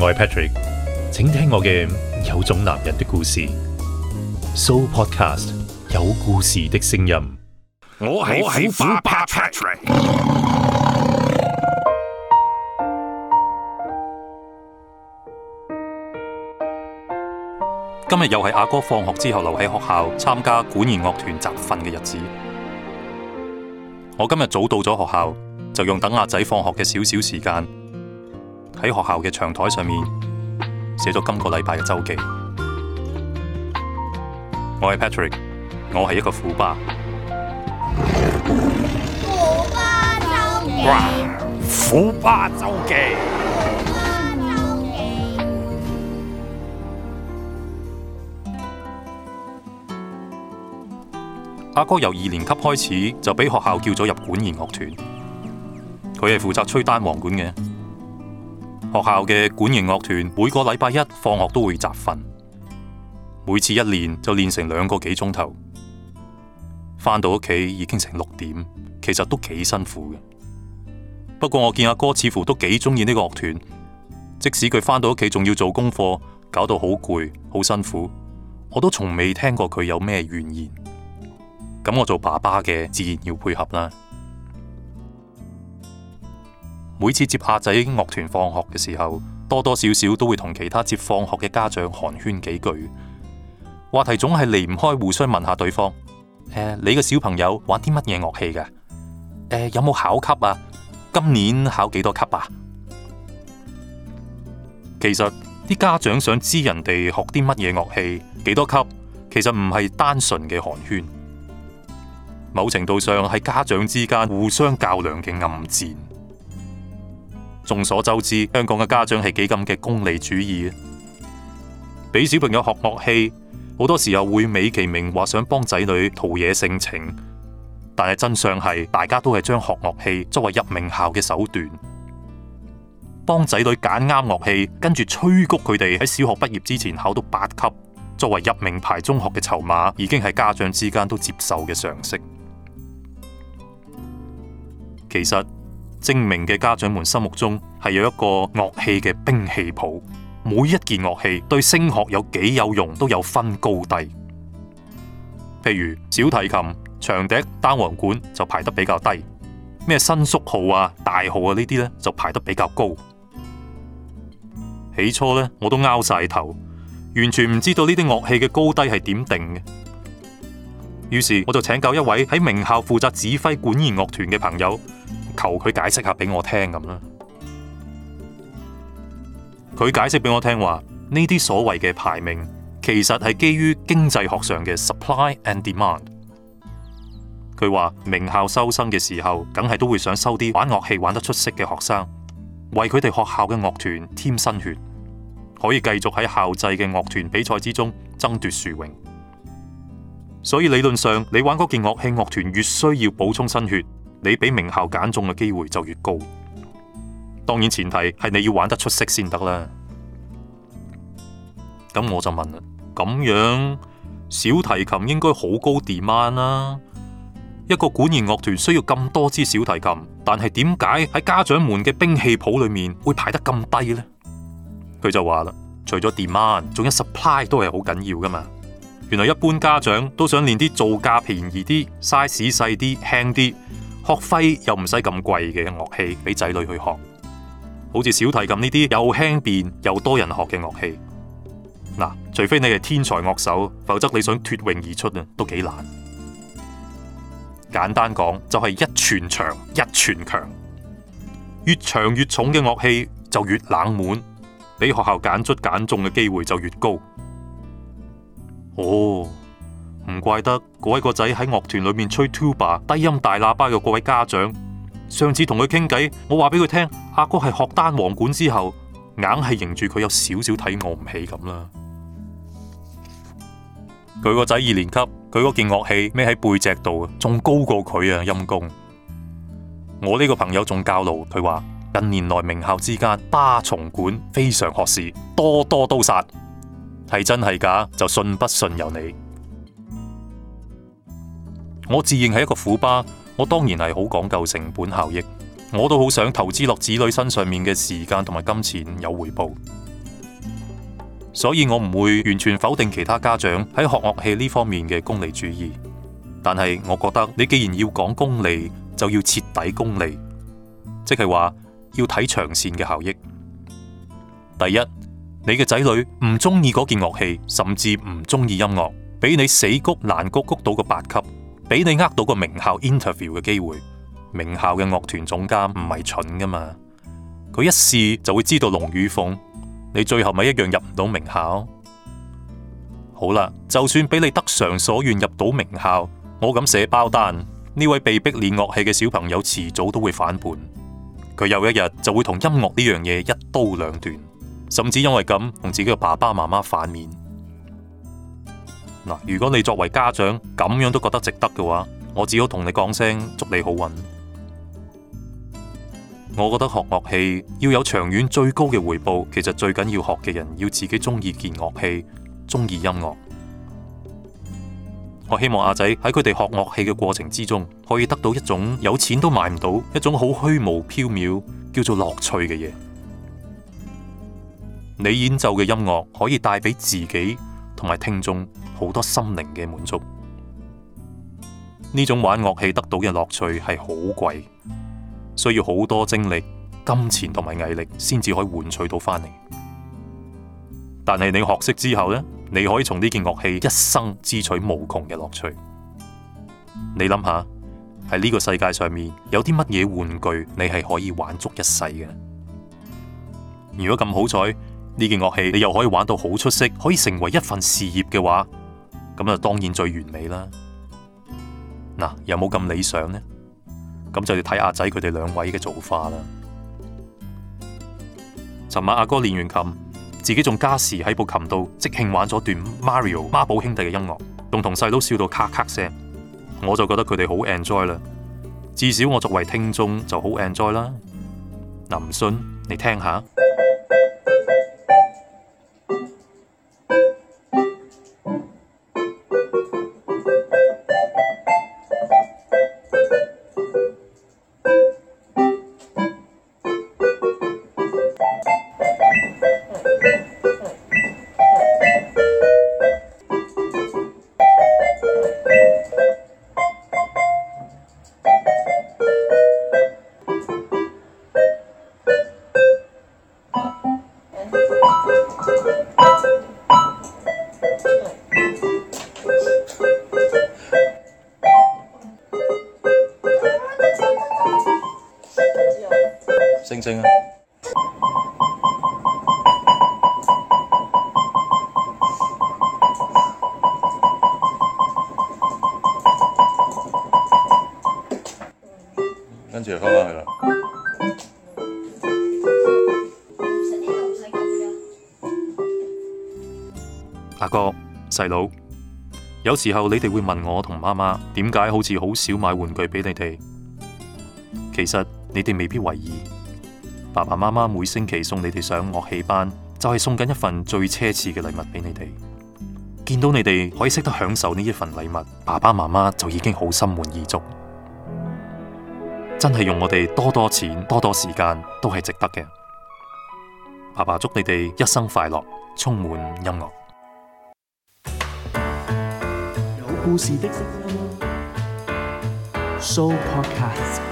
我係 Patrick，請聽我嘅有種男人的故事。So Podcast 有故事的聲音。我喜歡 Patrick。今日又係阿哥放學之後留喺學校參加管弦樂團集訓嘅日子。我今日早到咗學校，就用等阿仔放學嘅少少時間。喺學校嘅長台上面寫咗今個禮拜嘅周記。我係 Patrick，我係一個虎巴。虎巴周記。虎巴周記。阿哥由二年級開始就俾學校叫咗入管弦樂團，佢係負責吹單簧管嘅。學校嘅管弦樂團每個禮拜一放學都會集訓，每次一練就練成兩個幾鐘頭，翻到屋企已經成六點，其實都幾辛苦嘅。不過我見阿哥,哥似乎都幾鍾意呢個樂團，即使佢翻到屋企仲要做功課，搞到好攰好辛苦，我都從未聽過佢有咩怨言,言。咁我做爸爸嘅自然要配合啦。每次接阿仔樂團放學嘅時候，多多少少都會同其他接放學嘅家長寒暄幾句，話題總係離唔開互相問，問下對方：誒、呃，你個小朋友玩啲乜嘢樂器㗎？誒、呃，有冇考級啊？今年考幾多級啊？其實啲家長想知人哋學啲乜嘢樂器，幾多級，其實唔係單純嘅寒暄，某程度上係家長之間互相較量嘅暗戰。眾所周知，香港嘅家長係幾咁嘅功利主義，俾小朋友學樂器，好多時候會美其名話想幫仔女陶冶性情，但係真相係大家都係將學樂器作為入名校嘅手段，幫仔女揀啱樂器，跟住催谷佢哋喺小學畢業之前考到八級，作為入名牌中學嘅籌碼，已經係家長之間都接受嘅常識。其實。精明嘅家長們心目中係有一個樂器嘅兵器譜，每一件樂器對升學有幾有用都有分高低。譬如小提琴、長笛、單簧管就排得比較低，咩伸縮號啊、大號啊這些呢啲咧就排得比較高。起初呢，我都拗晒頭，完全唔知道呢啲樂器嘅高低係點定嘅。於是我就請教一位喺名校負責指揮管弦樂團嘅朋友。求佢解釋下俾我聽咁啦。佢解釋俾我聽話，呢啲所謂嘅排名，其實係基於經濟學上嘅 supply and demand。佢話名校收生嘅時候，梗係都會想收啲玩樂器玩得出色嘅學生，為佢哋學校嘅樂團添新血，可以繼續喺校際嘅樂團比賽之中爭奪殊榮。所以理論上，你玩嗰件樂器，樂團越需要補充新血，你俾名校揀中嘅機會就越高，當然前提係你要玩得出色先得啦。咁我就問啦，咁樣小提琴應該好高 demand 啦，一個管弦樂團需要咁多支小提琴，但係點解喺家長們嘅兵器譜裏面會排得咁低呢？」佢就話啦，除咗 demand，仲有 supply 都係好緊要噶嘛。原來一般家長都想練啲造價便宜啲、size 細啲、輕啲。學費又唔使咁貴嘅樂器俾仔女去學，好似小提琴呢啲又輕便又多人學嘅樂器，嗱，除非你係天才樂手，否則你想脫穎而出啊都幾難。簡單講就係、是、一寸長一寸強，越長越重嘅樂器就越冷門，俾學校揀出揀中嘅機會就越高。哦。唔怪得嗰位個仔喺樂團裏面吹 tuba 低音大喇叭嘅各位家長，上次同佢傾偈，我話俾佢聽阿哥係學單簧管之後，硬係認住佢有少少睇我唔起咁啦。佢個仔二年級，佢嗰件樂器孭喺背脊度，仲高過佢啊！陰公，我呢個朋友仲教路，佢話近年來名校之間巴重管非常學士多多都殺，係真係假就信不信由你。我自認係一個苦巴，我當然係好講究成本效益。我都好想投資落子女身上面嘅時間同埋金錢有回報，所以我唔會完全否定其他家長喺學樂器呢方面嘅功利主義。但係我覺得你既然要講功利，就要徹底功利，即係話要睇長線嘅效益。第一，你嘅仔女唔中意嗰件樂器，甚至唔中意音樂，俾你死谷難谷谷到個八級。俾你呃到個名校 interview 嘅機會，名校嘅樂團總監唔係蠢噶嘛，佢一試就會知道龍與鳳，你最後咪一樣入唔到名校。好啦，就算俾你得償所願入到名校，我敢寫包單，呢位被逼練樂器嘅小朋友遲早都會反叛，佢有一日就會同音樂呢樣嘢一刀兩斷，甚至因為咁同自己嘅爸爸媽媽反面。嗱，如果你作為家長，咁樣都覺得值得嘅話，我只好同你講聲祝你好運。我覺得學樂器要有長遠最高嘅回報，其實最緊要學嘅人要自己中意件樂器，中意音樂。我希望阿仔喺佢哋學樂器嘅過程之中，可以得到一種有錢都買唔到，一種好虛無縹緲叫做樂趣嘅嘢。你演奏嘅音樂可以帶俾自己同埋聽眾，好多心靈嘅滿足，呢種玩樂器得到嘅樂趣係好貴，需要好多精力、金錢同埋毅力先至可以換取到翻嚟。但係你學識之後呢，你可以從呢件樂器一生支取無窮嘅樂趣。你諗下，喺呢個世界上面有啲乜嘢玩具你係可以玩足一世嘅？如果咁好彩，呢件樂器你又可以玩到好出色，可以成為一份事業嘅話。咁就當然最完美啦。嗱、啊，有冇咁理想呢？咁就要睇阿仔佢哋兩位嘅造化啦。尋晚阿哥，哥練完琴，自己仲加時喺部琴度即興玩咗段 Mario 孖寶兄弟嘅音樂，仲同細佬笑到卡卡聲。我就覺得佢哋好 enjoy 啦。至少我作為聽眾就好 enjoy 啦。嗱、啊，唔信你聽下。跟住又翻返嚟啦。阿哥、細佬，有時候你哋會問我同媽媽點解好似好少買玩具俾你哋，其實你哋未必為意。爸爸媽媽每星期送你哋上樂器班，就係、是、送緊一份最奢侈嘅禮物俾你哋。見到你哋可以識得享受呢一份禮物，爸爸媽媽就已經好心滿意足。真係用我哋多多錢、多多時間都係值得嘅。爸爸祝你哋一生快樂，充滿音樂。有故事的 show podcast